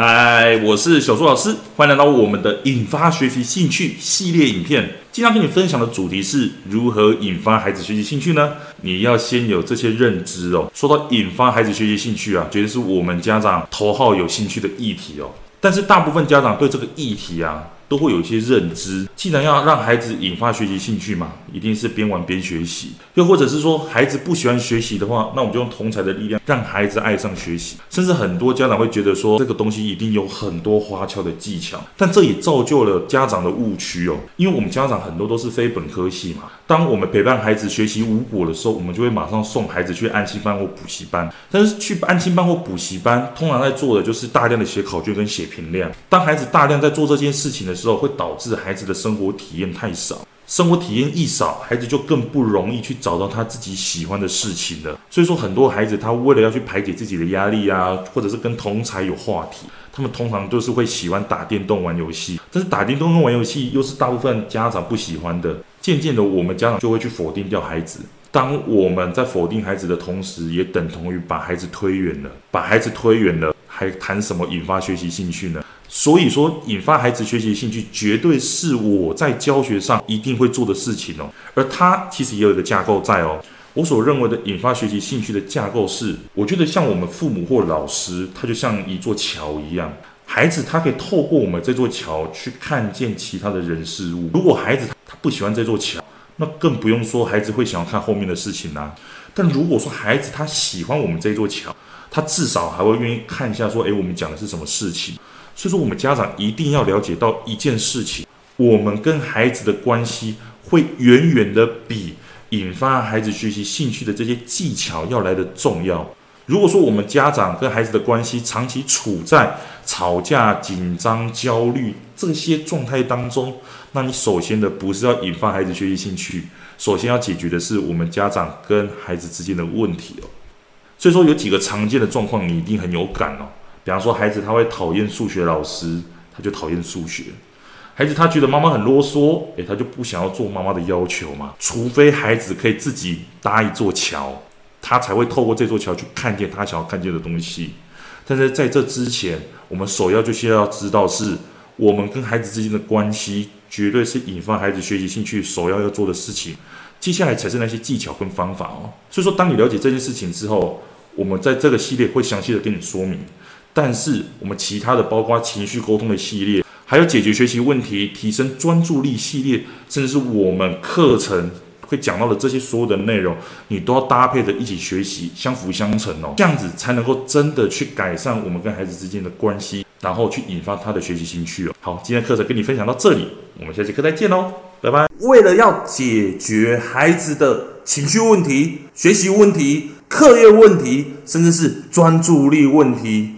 嗨，Hi, 我是小朱老師，歡迎來到我們的引發學習興趣系列影片。今天跟你分享的主題是如何引發孩子學習興趣呢？你要先有這些認知哦。說到引發孩子學習興趣啊，絕對是我們家長頭號有興趣的議題哦。但是大部分家長對這個議題啊，都會有一些認知。既然要讓孩子引發學習興趣嘛，一定是邊玩邊學習。又或者是說，孩子不喜歡學習的話，那我們就用同儕的力量，讓孩子愛上學習。甚至很多家長會覺得說，這個東西一定有很多花俏的技巧，但這也造就了家長的誤區哦。因為我們家長很多都是非本科系嘛，當我們陪伴孩子學習無果的時候，我們就會馬上送孩子去安親班或補習班。但是去安親班或補習班，通常在做的就是大量的寫考卷跟寫評量。當孩子大量在做這件事情的時候，會導致孩子的生生活體驗太少，生活體驗一少，孩子就更不容易去找到他自己喜歡的事情了。所以說，很多孩子他為了要去排解自己的壓力啊，或者是跟同儕有話題，他們通常就是會喜歡打電動、玩遊戲。但是打電動跟玩遊戲又是大部分家長不喜歡的。漸漸的，我們家長就會去否定掉孩子。當我們在否定孩子的同時，也等同於把孩子推遠了。把孩子推遠了，還談什麼引發學習興趣呢？所以說，引發孩子學習興趣絕對是我在教學上一定會做的事情哦。而它其實也有一個架構在哦。我所認為的引發學習興趣的架構是，我覺得像我們父母或老師，他就像一座橋一樣，孩子他可以透過我們這座橋去看見其他的人事物。如果孩子他不喜歡這座橋，那更不用說孩子會想要看後面的事情啦、啊。但如果說孩子他喜歡我們這座橋，他至少還會願意看一下，說，誒，我們講的是什麼事情？所以說，我們家長一定要了解到一件事情。我們跟孩子的關係會遠遠的比引發孩子學習興趣的這些技巧要來得重要。如果說我們家長跟孩子的關係長期處在吵架、緊張、焦慮這些狀態當中，那你首先的不是要引發孩子學習興趣，首先要解決的是我們家長跟孩子之間的問題哦。所以說，有幾個常見的狀況，你一定很有感哦。比方說，孩子他會討厭數學老師，他就討厭數學；孩子他覺得媽媽很囉嗦，誒、哎，他就不想要做媽媽的要求嘛。除非孩子可以自己搭一座橋，他才會透過這座橋去看見他想要看見的東西。但是在這之前，我們首要就先要知道是，是我們跟孩子之間的關係絕對是引發孩子學習興趣首要要做的事情。接下來才是那些技巧跟方法哦。所以說，當你了解這件事情之後，我們在這個系列會詳細的跟你說明。但是，我們其他的，包括情緒溝通的系列，還有解決學習問題、提升專注力系列，甚至是我們課程會講到的這些所有的內容，你都要搭配着一起學習，相輔相成哦。這樣子才能夠真的去改善我們跟孩子之間的關係，然後去引發他的學習興趣哦。好，今天課程跟你分享到這裡，我們下節課再見嘍，拜拜。為了要解決孩子的情緒問題、學習問題、課業問題，甚至是專注力問題。